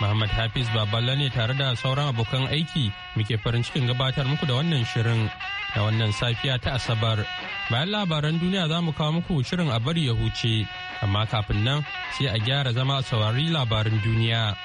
Muhammad Hafiz Baballa ne tare da sauran abokan aiki muke farin cikin gabatar muku da wannan shirin da wannan safiya ta Asabar. Bayan labaran duniya za mu kawo muku shirin a bari ya huce, amma kafin nan sai a gyara zama a saurari labarin duniya.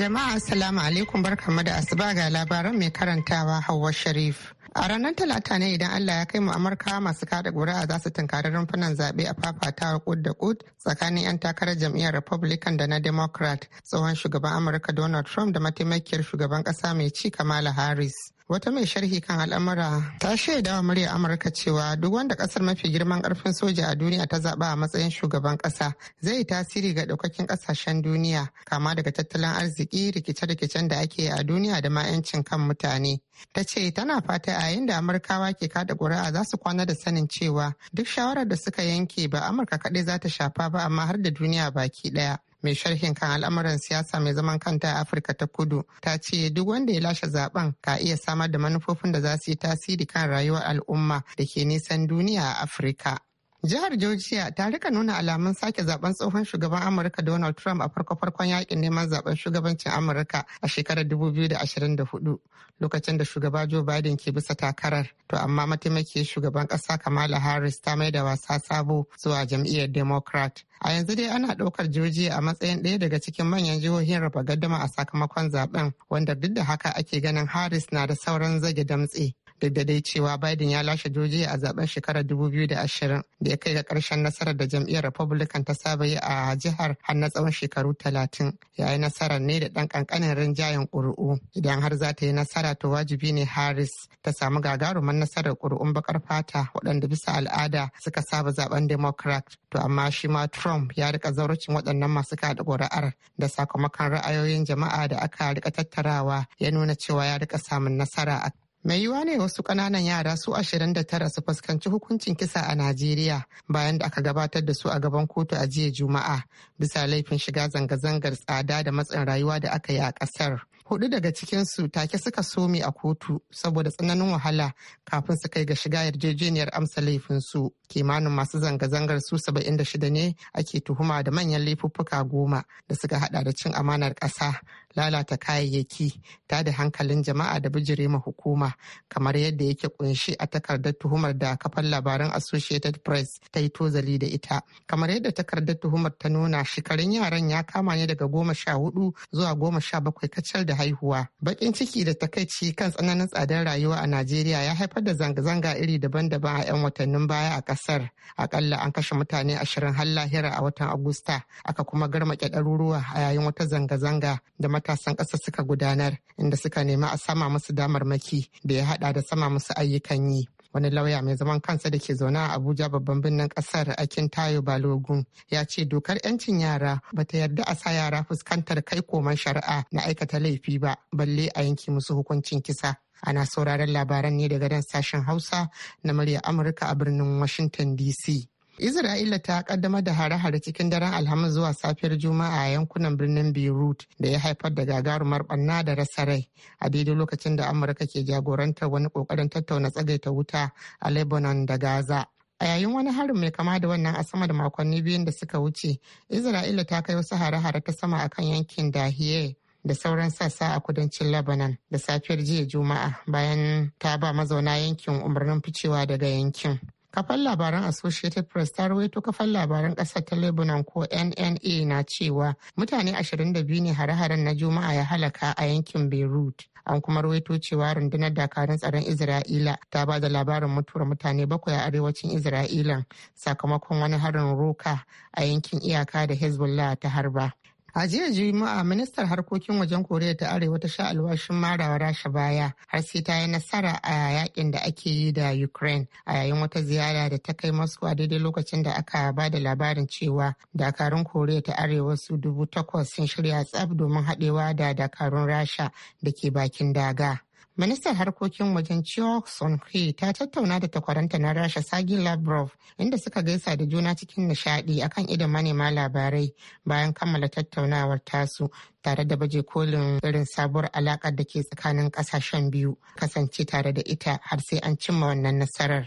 Jama'a Assalamu alaikum barkamu da asuba ga labaran mai karantawa Hauwa Sharif. A ranar Talata ne idan Allah ya kai mu Amurka masu kada ƙuri'a za su tunkari rumfunan zaɓe a fafatawa ƙud da kud tsakanin 'yan takarar jam'iyyar Republican da na Democrat tsohon shugaban Amurka Donald Trump da mataimakiyar shugaban ƙasa mai ci Kamala Harris. wata mai sharhi kan al'amura ta shaida wa murya amurka cewa duk wanda kasar mafi girman karfin soja a duniya ta zaba a matsayin shugaban kasa zai tasiri ga daukakin kasashen duniya kama daga tattalin arziki rikice-rikicen da ake a duniya da ma 'yancin kan mutane ta ce tana fata a yayin da amurkawa ke kada ƙuri'a za su kwana da sanin cewa duk shawarar da suka yanke ba amurka kaɗai za ta shafa ba amma har da duniya baki ɗaya mai sharhin kan al'amuran siyasa mai zaman kanta a afirka ta kudu ta ce duk wanda ya lashe zaben ka iya samar da manufofin da za su yi tasiri kan rayuwar al'umma da ke nisan duniya a afirka Jihar Georgia ta rika nuna alamun sake zaben tsohon shugaban Amurka Donald Trump a farko-farkon yakin neman zaben shugabancin Amurka a shekarar 2024 lokacin da shugaba Joe Biden ke bisa takarar. To amma mataimaki shugaban kasa Kamala Harris ta mai da wasa sabo zuwa jam'iyyar Democrat. A yanzu dai ana ɗaukar Georgia a matsayin ɗaya daga cikin manyan jihohin raba gaddama a sakamakon zaben wanda duk da haka ake ganin Harris na da sauran zage damtse. duk da dai cewa Biden ya lashe joji a zaben shekarar 2020 da ya kai ga karshen nasarar da jam'iyyar Republican ta saba yi a jihar har na tsawon shekaru 30 yayi nasarar ne da ɗan ƙanƙanin rinjayen ƙuri'u idan har za ta yi nasara to wajibi ne Harris ta samu gagarumin nasarar ƙuri'un bakar fata waɗanda bisa al'ada suka saba zaben Democrat to amma shi ma Trump ya rika zaurucin waɗannan masu kada ƙuri'ar da sakamakon ra'ayoyin jama'a da aka rika tattarawa ya nuna cewa ya rika samun nasara Mai yiwuwa ne wasu ƙananan yara su 29 su fuskanci hukuncin kisa a Najeriya bayan da aka gabatar da su a gaban kotu a jiya Juma'a bisa laifin shiga zanga-zangar tsada da matsin rayuwa da aka yi a ƙasar. Hudu daga cikinsu take suka some a kotu saboda tsananin wahala kafin su kai ga shiga yarjejeniyar amsa laifinsu. Kimanin masu zanga-zangar su shida ne ake tuhuma da manyan laifuffuka goma da suka hada da cin amanar ƙasa lalata kayayyaki ta da hankalin jama'a da bijire ma hukuma kamar yadda yake kunshi a takardar tuhumar da kafar labaran associated press ta yi tozali da ita kamar yadda takardar tuhumar ta nuna shekarun yaran ya kama ne daga goma sha hudu zuwa goma sha bakwai kacal da haihuwa bakin ciki da takaici kan tsananin tsadar rayuwa a najeriya ya haifar da zanga-zanga iri daban-daban a 'yan watannin baya a kasar akalla an kashe mutane ashirin har lahira a watan agusta aka kuma garmake ɗaruruwa a yayin wata zanga-zanga da matasan ƙasa suka gudanar inda suka nemi a sama musu damarmaki da ya haɗa da sama musu ayyukan yi. wani lauya mai zaman kansa da ke zaune a abuja babban birnin ƙasar akin tayo balogun ya ce dokar 'yancin yara ba ta yarda a sa yara fuskantar kai koman shari'a na aikata laifi ba balle a yanki musu hukuncin kisa ana sauraron labaran ne daga dan sashen hausa na murya amurka a birnin washington dc Isra'ila ta kaddamar da hare-hare cikin daren Alhamis zuwa safiyar Juma'a a yankunan birnin Beirut da ya haifar da gagarumar barna da rasa rai a daidai lokacin da Amurka ke jagorantar wani kokarin tattauna tsagaita wuta a Lebanon da Gaza. A yayin wani harin mai kama da wannan a sama da makonni biyun da suka wuce, Isra'ila ta kai wasu hare-hare ta sama akan yankin Dahiye da sauran sassa a kudancin Lebanon da safiyar jiya Juma'a bayan ta ba mazauna yankin umarnin ficewa daga yankin. Kafan labaran Associated Press ta rawaito kafan labaran ƙasar ta Lebanon ko NNA na cewa mutane 22 ne hare-haren na Juma'a ya halaka a yankin Beirut. an kuma rawaito cewa rundunar dakarun tsaron isra'ila ta ba da labarin mutuwar mutane bakwai a arewacin isra'ilan sakamakon wani harin roka a yankin iyaka da hezbollah ta harba A jiya Juma'a ministar harkokin wajen Koriya ta Arewa ta sha alwashin marawa Rasha baya har sai ta yi nasara a yakin da ake yi da Ukraine a yayin wata ziyara da ta kai Moscow a daidai lokacin da aka ba da labarin cewa dakarun Koriya ta Arewa su dubu takwas sun shirya tsaf domin haɗewa da dakarun Rasha da ke bakin daga. Ministan harkokin wajen Chok Son ta tattauna da takwaranta na Rasha Sagi Lavrov inda suka gaisa da juna cikin nishadi akan idan manema labarai bayan kammala tattaunawar tasu tare da baje kolin irin sabuwar alakar da ke tsakanin kasashen biyu kasance tare da ita har sai an cimma wannan nasarar.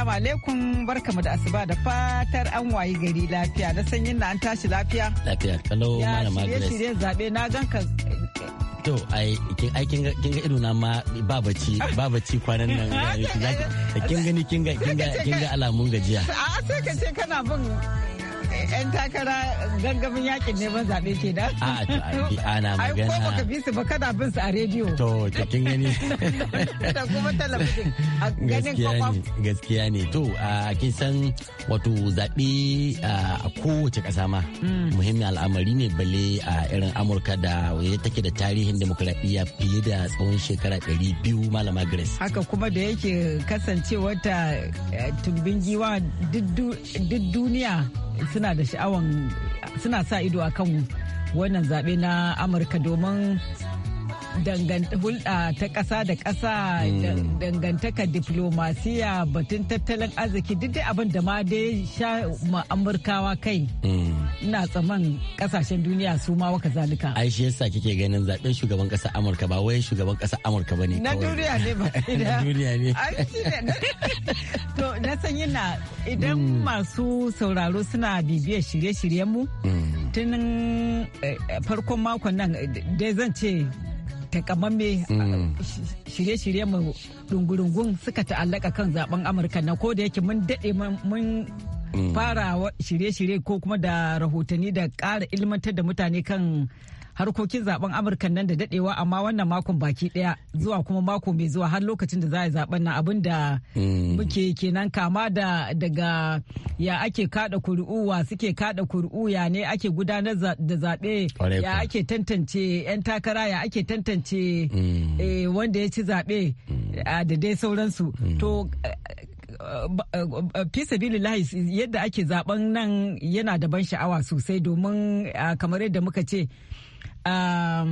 Assalamu alaikum barkamu da asuba da fatar an wayi gari lafiya na sanyin na an tashi lafiya. Lafiya kalau malama Grace. Ya shirye zabe na gan ka To ai kin ga kin ga ido na ma ba bacci ba bacci kwanan nan kin gani kin ga kin ga alamun gajiya. A ah, sai ka ce kana bin 'yan takara gangamin yakin neman zaɓe ke da? A ana magana. Ai ko baka bi su ba kada bin su a rediyo. To to kin gani. Da kuma talabijin Gaskiya ne, Gaskiya ne to a kin san wato zaɓe a kowace ƙasa ma. Mm. Muhimmin al'amari ne bale a irin Amurka da ya take da tarihin demokuraɗiyya fiye da tsawon shekara ɗari biyu malama Grace. Haka kuma da yake kasancewar ta eh, tumbin giwa duk duniya suna da sha'awan suna sa ido a kan wannan zaɓe na amurka domin hulɗa ta ƙasa da ƙasa mm. dangantaka diplomasiya batun tattalin arziki duk dai abin da ma dai sha amurkawa kai mm. ina tsaman ƙasashen duniya su ma waka zalika ai shi yasa kike ganin zaben shugaban ƙasa amurka ba wai shugaban ƙasa amurka ba ne na duniya ne ba na duniya ne to na san yana idan mm. masu sauraro suna bibiyar shirye-shiryen mu tun eh, eh, farkon makon nan eh, dai zan ce takamamme mm. ah, shirye-shirye mu dungurungun suka ta'allaka kan zaben amurka na ko da yake mun daɗe mun mm. fara shirye-shirye ko kuma da rahotanni da ƙara ilmantar da mutane kan harkokin zaben amurka nan da dadewa amma wannan makon baki daya zuwa kuma mako mai zuwa har lokacin da za a zaben nan abin da mm. muke kenan kama da daga ya ake kada kuri'u wa suke kada kuri'u ya ne ake gudanar da zaɓe ya ake tantance 'yan takara ya ake tantance mm. eh, wanda ya ci zaɓe mm. da dai sauransu to eh, fi sabilillahi yadda ake zaben nan yana da ban sha'awa sosai domin kamar yadda muka ce Um,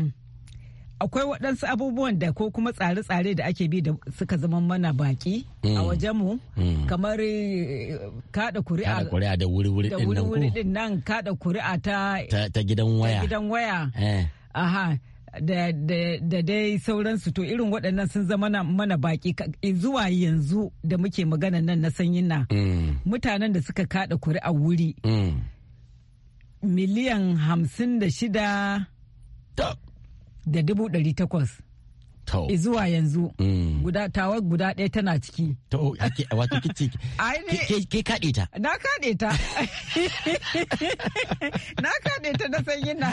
akwai waɗansu abubuwan da ko kuma tsare-tsare da ake bi da suka zama mana baki a mm. wajenmu mm. kamar eh, kada kuri'a da wuri-wuri din nan kada kuri'a ta gidan waya gidan waya eh. aha da dai sauransu to irin waɗannan sun zama mana baki eh, zuwa yanzu da muke magana nan na sanyin na mm. mutanen da suka kada kuri'a wuri miliyan hamsin da shida da dubu ɗari takwas zuwa yanzu mm. guda tawar guda ɗaya tana ciki to ake wato kici ke kaɗe ta na kaɗe ta na kaɗe ta na sanyin na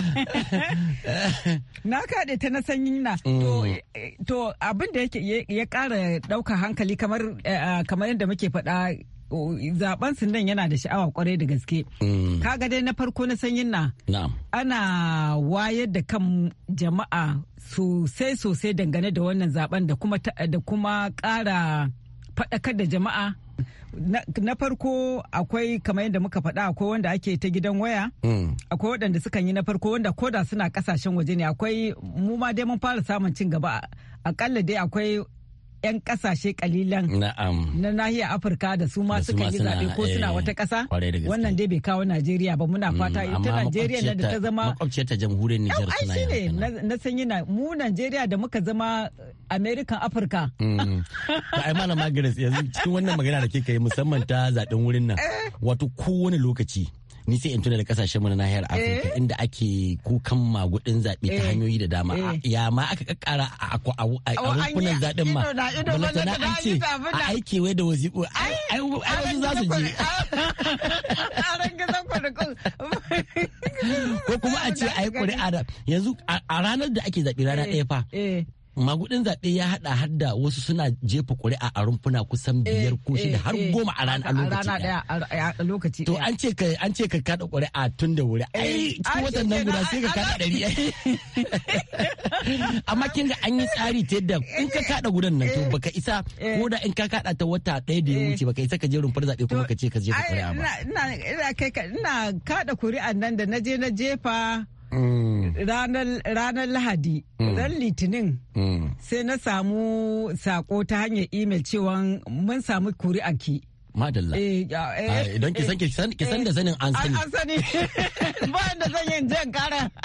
na kaɗe ta na sanyin na mm. eh, to abin da ya ƙara ɗauka hankali kamar eh, ah, yadda muke faɗa zaben sindan yana da sha'awa kwarai da gaske. Mm. Kaga dai na farko na sanyin na. Ana wayar da kan jama'a sosai sosai dangane da wannan zaben da kuma da kuma da jama'a. Na farko akwai kamar yadda muka faɗa akwai wanda ake ta gidan waya. Mm. Akwai waɗanda sukan yi na farko wanda koda suna ƙasashen waje ne akwai mu ma dai mun fara samun cin gaba akalla dai akwai 'yan kasashe kalilan na nahiyar afirka da su ma suka yi zaɓe ko suna eh, wata ƙasa wannan dai bai kawo najeriya ba muna mm, fata ita najeriya na da ta zama makwabciyar ta jamhuriyar nijar suna yi ne na san yana mu najeriya da muka zama american afirka mm. ai malama garis yanzu cikin wannan magana da kika yi musamman ta zaɓen wurin nan eh. wato kowane lokaci ni sai in tuna da kasashen mu na nahiyar eh? Afirka inda ake kukan magudin zaɓe ta eh? hanyoyi da dama eh? ya ma aka kakkara a rukunan zaɓen ma na an ce a aiki wai da waziƙo ai wasu za su je ko kuma a ce a yi ƙuri'a da yanzu a ranar da ake zaɓe rana ɗaya fa magudin zaɓe ya haɗa hadda wasu suna jefa ƙuri'a a rumfuna kusan eh, biyar ko shida eh, har eh. goma a rana a lokaci ɗaya. To an ce ka an ce ka kaɗa ƙuri'a tun da wuri. Ai cikin watan nan guda sai ka kaɗa ɗari. Amma kin ga an yi tsari ta yadda in ka kaɗa gudan nan to baka isa ko da in ka kaɗa ta wata ɗaya da ya wuce baka isa ka je rumfar zaɓe kuma ka ce ka jefa ƙuri'a ba. Ina kaɗa ƙuri'an nan da na je na jefa. ranar lahadi mm. ran litinin mm. sai na samu sako ta hanyar imel cewa mun samu kuri'anki. ki eh, eh, ah, idan ki eh, san ki san da sanin an sani an sani bayan da zan yi jan kara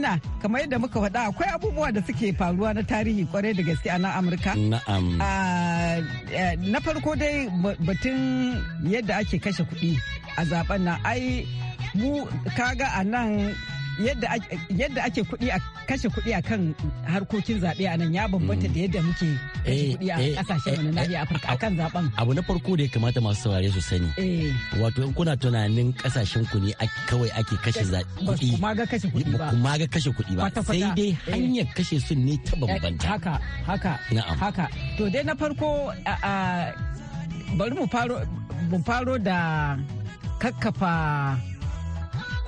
tuna kamar yadda muka faɗa akwai abubuwa da suke faruwa na tarihi kwarai da gaske a nan amurka na'am ah, eh, na farko dai batun yadda ake kashe kuɗi a zaben na ai mu kaga a nan yadda ake kuɗi a kashe kuɗi a kan harkokin zaɓe a nan ya bambanta mm. da yadda muke kashe eh, kuɗi a eh, ƙasashen na eh, nahiyar Afirka a kan zaɓen. Abu na farko da ya kamata masu saurare su sani. Wato in kuna tunanin ƙasashen ku ne kawai ake kashe kuɗi. Ba ga kashe kuɗi ba. Kuma ga kashe kuɗi ba. Sai dai hanyar kashe su ne ta bambanta. Haka haka. Haka. To dai na farko bari mu faro da kakkafa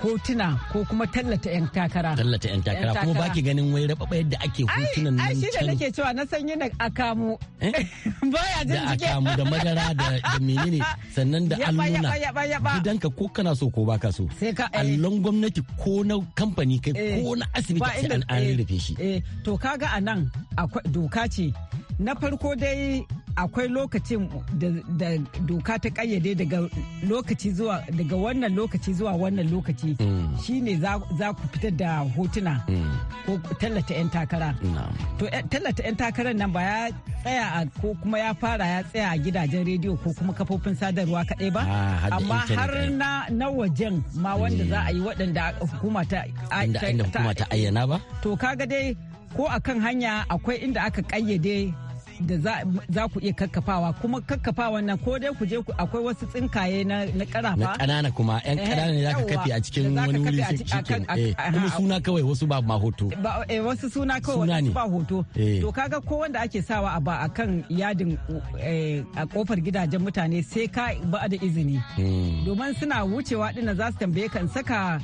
hotuna ko kuma tallata 'yan takara. Tallata 'yan takara kuma baki ganin wai rababa yadda ake hotunan nan. Ai shi da nake cewa na san yana akamu. Eh? Baya jin jike. Da akamu da madara da menene sannan da alluna. Gidanka ko kana so ko baka so. Sai ka eh. Allon gwamnati ko na kamfani kai eh. ko na asibiti sai an rufe shi. To kaga a nan doka ce na farko dai akwai lokacin da doka ta kayyade daga lokaci zuwa daga wannan lokaci zuwa wannan lokaci mm. shine za ku fitar da hotuna mm. ko tallata 'yan takara to eh, tallata 'yan takarar nan ba ya tsaya ko kuma ya fara ya tsaya a gidajen rediyo ko kuma kafofin sadarwa kaɗai ba ah, amma har na wajen ma wanda za a yi mm. waɗanda hukuma ta ayyana ba to kaga dai ko a kan hanya akwai inda aka kayyade da za ku iya kakkafawa kuma kakkafawa nan ko dai ku je akwai wasu tsinkaye na karafa na kanana kuma yan kanana eh, ne zaka kafe a cikin wani wuri cikin eh. kuma suna kawai wasu ba ma hoto eh, wasu suna kawai wasu ba hoto to kaga ko wanda ake sawa a ba akan yadin a kofar gidajen mutane sai ka ba da izini hmm. domin suna wucewa dinnan za su tambaye kan saka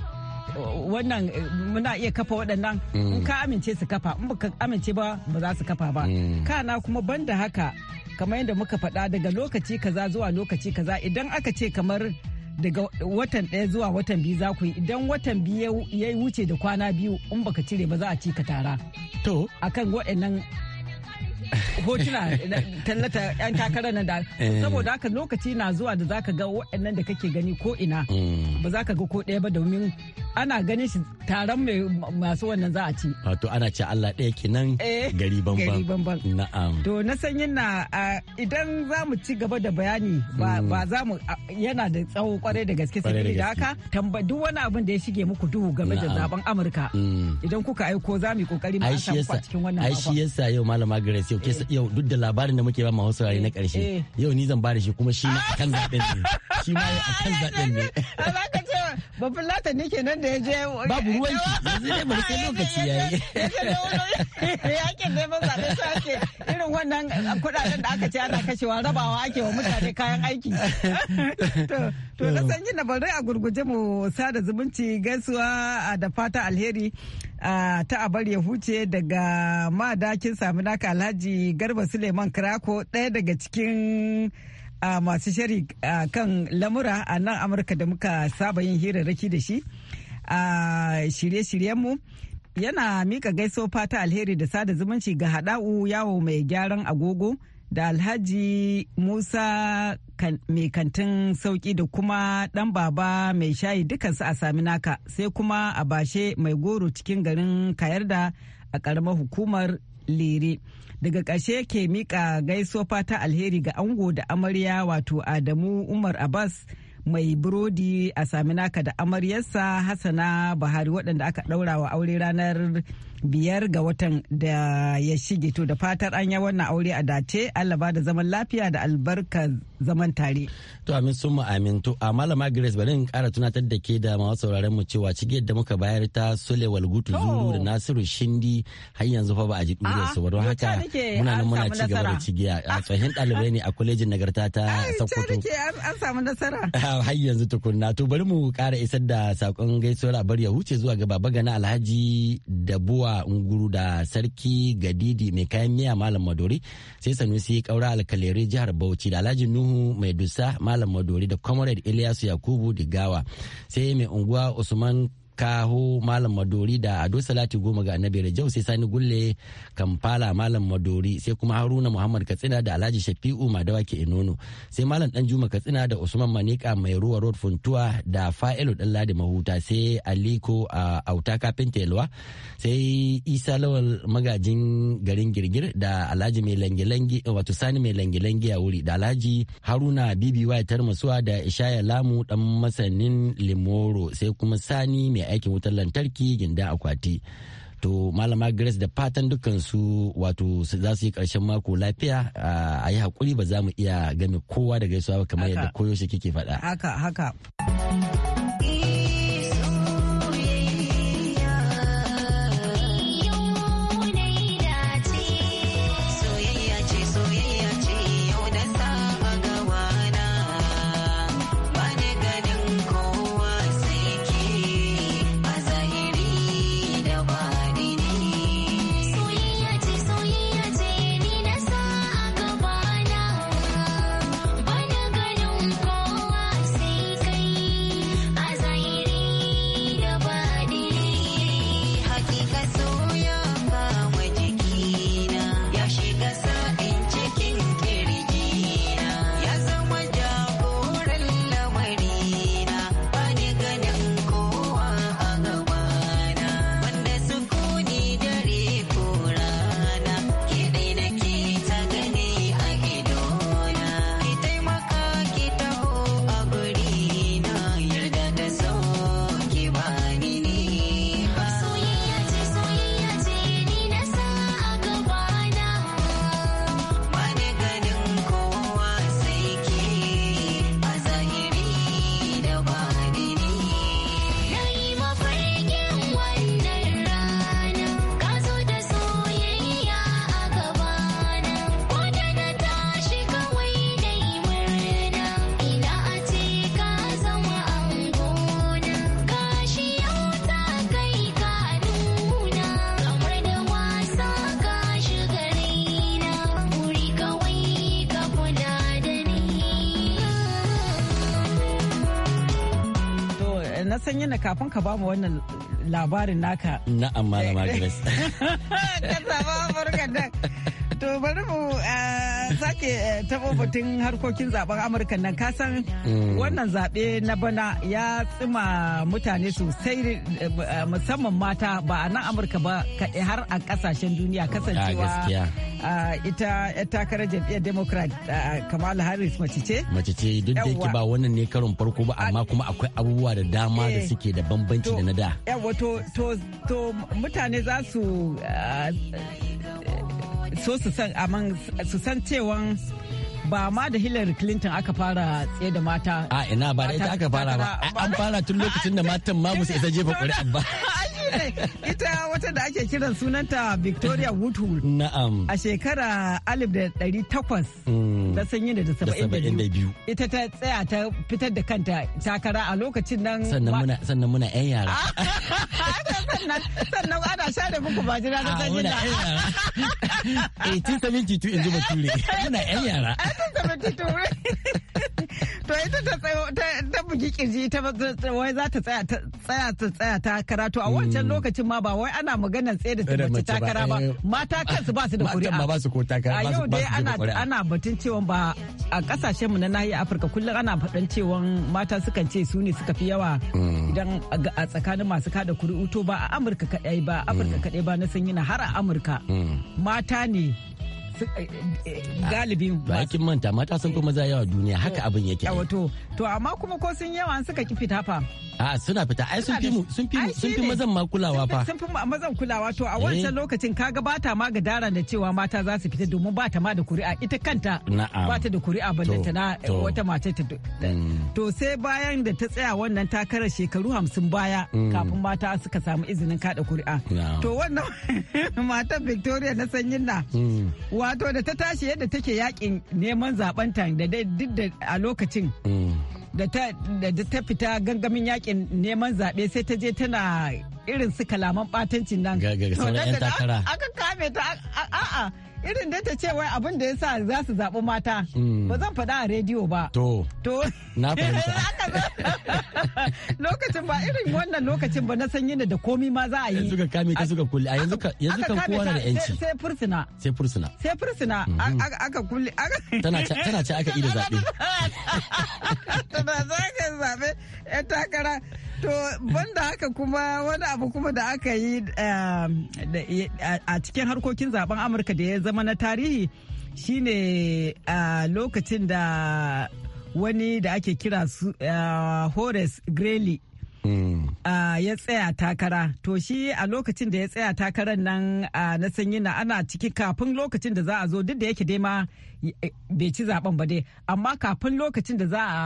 wannan eh, muna iya kafa waɗannan mm. in ka amince su kafa in baka amince ba ba za su kafa ba mm. kana kuma banda haka kamar yadda muka faɗa daga lokaci kaza zuwa lokaci kaza idan aka ce kamar daga watan ɗaya zuwa watan biyu za ku yi idan watan biyu ya wuce da kwana biyu in baka cire ba za a ci ka tara to akan waɗannan hotuna tallata 'yan takarar nan da eh. saboda haka lokaci na zuwa da zaka ga waɗannan da kake gani ko ina mm. ba za ka ga ko ɗaya ba domin ana ganin shi taron mai masu wannan za a ci wato ana ce Allah ɗaya kenan eh, gari banban na'am to na san na idan za mu ci gaba da bayani ba hmm. za mu yana da tsawo kwarai da gaske sai da haka tamba duk wani abin da ya shige muku duhu game da zaben Amurka hmm. idan kuka aiko za mu yi kokari mu samu a cikin wannan abin. Aishi yasa yau malama Grace yau eh. yau duk da labarin da muke ba mu Hausa na karshe eh, yau ni zan ba da shi kuma shi ma akan zaben ne shi ma akan zaben ne ba fulata ne kenan da da ya je babu ruwan ki yanzu dai sai lokaci yayi yakin neman zaɓe sai sake irin wannan eh, kuɗaɗen da aka ci ana kashewa rabawa ake wa mutane kayan aiki to na san yin bari a gurguje mu sada zumunci gaisuwa da fata alheri ta abar ya huce daga madakin sami naka alhaji garba suleiman krako ɗaya daga cikin a masu shari kan lamura a nan amurka da muka saba yin hirarraki da shi. a shirye-shiryenmu yana mika gaiso fata alheri da sada zumunci ga haɗa'u yawo mai gyaran agogo da alhaji musa mai kantin sauki da kuma ɗan baba mai shayi dukansu a sami naka sai kuma a bashe mai goro cikin garin kayarda a ƙaramar hukumar lere daga ƙarshe ke mika gaiso fata alheri ga ango da amarya wato adamu umar abbas mai burodi a sami naka da amaryarsa hassana buhari waɗanda aka ɗaura wa aure ranar biyar ga watan da ya shige to da fatar an yi wannan aure a dace allah ba da zaman lafiya da albarka zaman tare to amin sun amin to a malama grace bari in kara tunatar da ke da masu sauraren mu cewa cigiyar da muka bayar ta sule walgutu oh! zuru da nasiru shindi har yanzu fa ba a ji duriyar su ba don haka muna nan muna ci da cigiya a tsohon ɗalibai ne a kwalejin nagarta ta sokoto an samu nasara na har yanzu tukunna to bari mu kara isar da sakon gaisuwar bar ya huce zuwa ga baba gana alhaji da buwa nguru da sarki gadidi mai kayan miya malam madori sai sanusi kaura alkalere jihar bauchi da alhaji nuhu mai dusa malam madori da comrade ilyasu yakubu digawa sai mai unguwa usman kaho malam madori da ado salati goma ga annabi rajau sai sani gulle kamfala malam madori sai kuma haruna muhammad katsina da alhaji shafi'u madawa ke inono sai malam dan juma katsina da usman manika mai ruwa road funtuwa da fa'ilu dan ladi mahuta sai aliko a auta kafin yalwa sai isa lawal magajin garin girgir da alhaji mai wato sani mai langi a wuri da alhaji haruna bibi wa tarmasuwa da ishaya lamu dan masanin limoro sai kuma sani mai aikin wutar lantarki ginda akwati to malama grace da fatan dukansu wato za su yi karshen mako lafiya a yi hakuri ba za mu iya game kowa da gaisuwa kamar yadda koyaushe kike faɗa haka haka kafin ka bamu wannan labarin naka. Na'am malama Grace. Ka To bari mu eh, sake eh, taɓo batun harkokin zaben Amurka nan kasan mm. wannan zaɓe na bana ya tsima mutane sosai eh, musamman mata ba a nan Amurka ba kaɗai har a ƙasashen duniya kasancewa. ita yar takarar jam'iyyar democrat kamala harris mace ce mace ce duk da yake ba wannan ne karon farko ba amma kuma akwai abubuwa da dama da eh. suke da bambanci da na da yawa to mutane za su so su san amman su san cewan ba ma da Hillary Clinton aka fara tsaye da mata. A ina ba da ita aka fara ba. An fara tun lokacin da matan ma musu isa jefa ƙuri'a ba. ita wata da ake kiran sunanta Victoria Woodhull. Na'am. A shekara alif da ɗari takwas. Mm. Da sanyi da saba'in da biyu. Ita ta tsaya ta fitar da kanta takara a lokacin nan. Sannan muna 'yan yara. Ah, sannan ana sha da ah, muku jira da sanyi da. 1872 in ji ture, Muna 'yan yara. 1872. to ita ta bugi kirji ta wai za ta tsaya ta tsaya ta karatu a hmm. wancan lokacin ma ba wai ana maganar tsaye da mace kara ba eh. mata kansu ba su da kuri'a ba su ko kara a yau dai ana batun cewa ba a kasashen mu na nahiyar Afirka kullum ana faɗan cewa mata sukan ce su ne suka fi yawa hmm. idan a tsakanin masu kada kuri'u to ba a Amurka kadai ba Afirka hmm. kadai ba na san yana har a Amurka mata ne Eh, eh, eh, galibin ah, ba kin manta mata sun fi maza yawa duniya haka abin yake a wato to amma kuma ko sun yawa an suka ki fita fa a ah, suna fita ai sun fi sun fi sun fi mazan ma kulawa fa sun fi mazan kulawa to a wancan lokacin kaga ba ta ma ga dara da cewa mata za su fita domin ba ta ma da kuri'a ita kanta ba ta da kuri'a ta na wata mace ta mm. to sai bayan da ta tsaya wannan takarar shekaru hamsin baya mm. kafin mata suka samu izinin kada kuri'a to wannan matan Victoria na sanyin na mm. wato da ta tashi yadda take yakin neman zaben ta da duk da a lokacin mm. da ta fita gangamin yakin neman zaɓe sai ta je tana irin su kalaman ɓatancin nan. Ga ga 'yan takara. Aka kame ta a'a. irin da ta ce wai abin da ya sa za su zaɓi mata hmm. ba zan faɗa a rediyo ba to to na fahimta eh, lokacin ba irin wannan lokacin ba na san yin da komi ma za a yi ka kame ka suka kulli a yanzu ka yanzu kan kowa da yanci sai fursuna sai fursuna sai fursuna hmm. aka kulle tana tana ce aka da zaɓe tana zaɓe ka zaɓe takara To banda haka kuma wani abu kuma da aka yi um, a cikin harkokin zaben Amurka da ya zama na tarihi shine a lokacin da wani da ake kira uh, Horace Greeley Ah, ya tsaya takara to shi a lokacin da ya tsaya takarar nan ah, na sanyi na ana ciki kafin lokacin da za a zo duk da yake dai ma eh, eh, bai ci zaben ba dai amma kafin lokacin da za a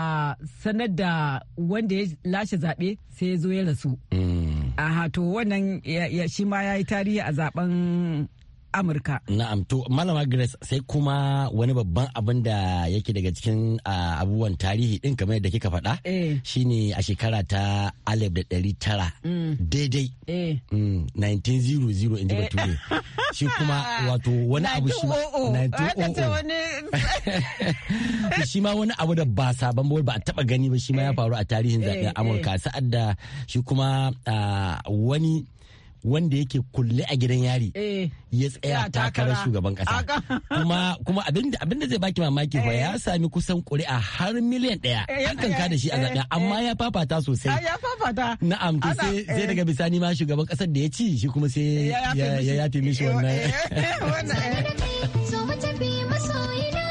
sanar da wanda ya lashe zaɓe sai ya zo ya rasu mm. a to wannan shi ma ya yi tarihi a zaben Amurka. Na'am to Malama Grace sai kuma wani babban abin da yake daga cikin abubuwan tarihi din kamar yadda kika faɗa eh. shine a shekara ta alif da ɗari tara mm. daidai 1900 eh. mm, in ji ne. Eh. shi kuma wato wani abu shi ma 1900 shi ma wani abu da ba sabon ba ba a taɓa gani ba shi ma ya faru a tarihin zaɓen Amurka sa'ad da shi kuma wani wanda yake kulle a gidan yari eh, ya tsaya takarar shugaban kasa kuma kuma abinda abinda zai baki mamaki fa ya eh. sami kusan ƙuri'a har miliyan ɗaya an kanka da shi a zaɓen eh, amma ya fafata sosai ah, ya fafata na'am to sai zai daga bisani ma shugaban kasar da ya ci shi kuma sai ya yafe mishi wannan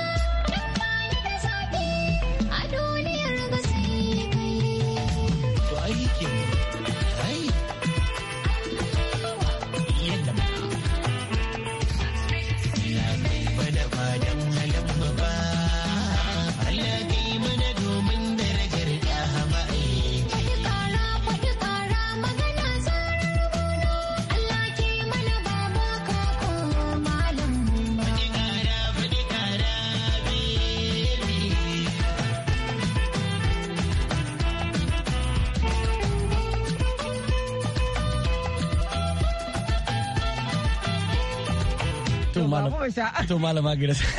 sha to malama grace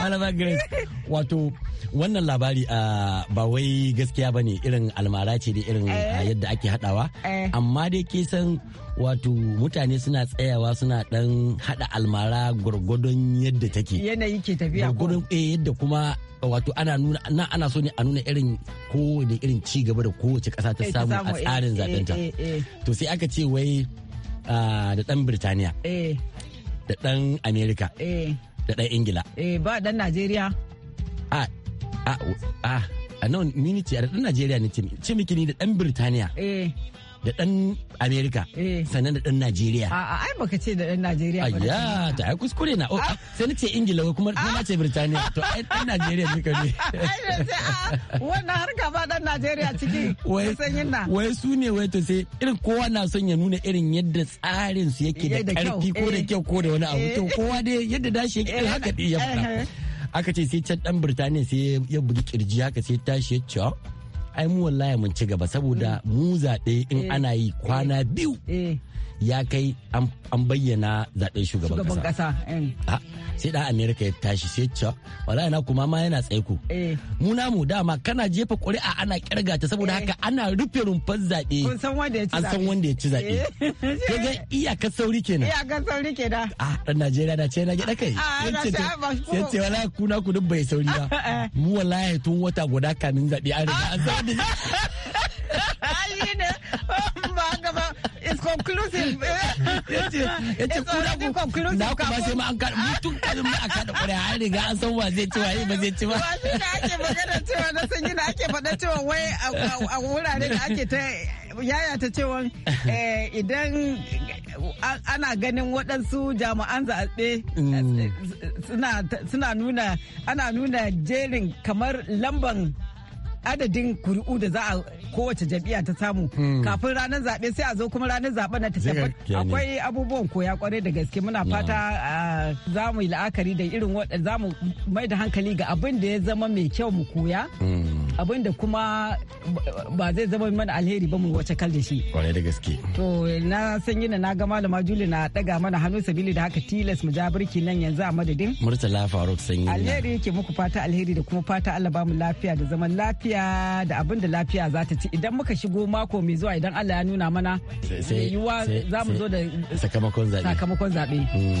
malama grace wato wannan labari ah, ba wai gaskiya ba ne irin almara ce da irin ah, eh. yadda ake hadawa eh. amma dai ke san wato mutane suna tsayawa suna dan hada almara gwargwadon yadda take yanayi ke tafiya gwargwadon eh, yadda kuma wato ana nuna na ana so ne a nuna irin kowane irin ci gaba da kowace kasa ta samu a tsarin zaɓenta to sai aka ce wai Ah, da ɗan Birtaniya. Eh. Da ɗan Amerika. Eh. Da ɗan Ingila. Eh, ba ɗan Najeriya. A, a, a, a nan ni ce, da ɗan Najeriya ne ce miki ni da ɗan Birtaniya. da dan Amerika eh. sannan da dan Najeriya. A'a ai baka ce da dan Najeriya ba. Ayya ta ai kuskure na. Ah. Sai ni ce Ingila kuma na ce Birtaniya to ai dan Najeriya duka ne. Ah, wannan harka ba dan Najeriya ciki. Wai su ne wai to sai irin kowa na son ya nuna irin yadda tsarin su yake da karfi ko da eh. kyau ko da wani abu to eh. kowa dai yadda dashi yake haka ya fara. Aka ce sai can dan Birtaniya sai ya bugi kirji haka sai tashi ya ce oh, ai mu wallahi mun ci gaba saboda mu zaɓe in eh. ana yi kwana eh. biyu eh. ya kai an bayyana zaɓen shugaban ƙasa. Eh. Ah, sai da Amerika ya tashi sai cewa wala na kuma ma yana tsaiko. Eh. Mu dama kana jefa ƙuri'a ana kirga ta saboda eh. haka ana rufe rumfar zaɓe. An san wanda ya ci zaɓe. Ka ga iyaka sauri kenan. iyaka sauri kenan. a ah, ɗan Najeriya da ce na gida kai. Sai ah, ce wala kuna ku duk bai sauri ba. Mu wala tun wata guda kamin zaɓe an riga an zaɓe. is conclusive. Ya ce ku Na ku ba sai ma an kada mutum kalin ma a kada kuri an riga an san wa zai ci waye ba zai ci ba. Wa shi da ake magana cewa na ake faɗa cewa wai a wurare da ake ta yaya ta cewa eh, idan ana ganin waɗansu jami'an zaɓe mm. eh, suna nuna ana nuna jerin kamar lamban adadin kuri'u da za a kowace jam'iyya ta samu hmm. kafin ranar zaɓe sai a zo kuma ranar zaɓen na ta tabbata akwai abubuwan koya kwarai da gaske muna fata za mu yi la'akari da irin za mu mai da hankali ga abin da ya zama mai kyau mu koya hmm. abin da kuma ba zai zama mana alheri ba mu wace kal da shi kwane da gaske to na san yana na ga malama juli na daga mana hannu sabili da haka tilas mu ja birki nan yanzu a madadin murtala faruk sanyi alheri yake muku fata alheri da kuma fata Allah ba mu lafiya da zaman lafiya da abin da lafiya za ta ci idan muka shigo mako mai zuwa idan Allah ya nuna mana yiwuwa za mu zo da sakamakon zaɓe hmm.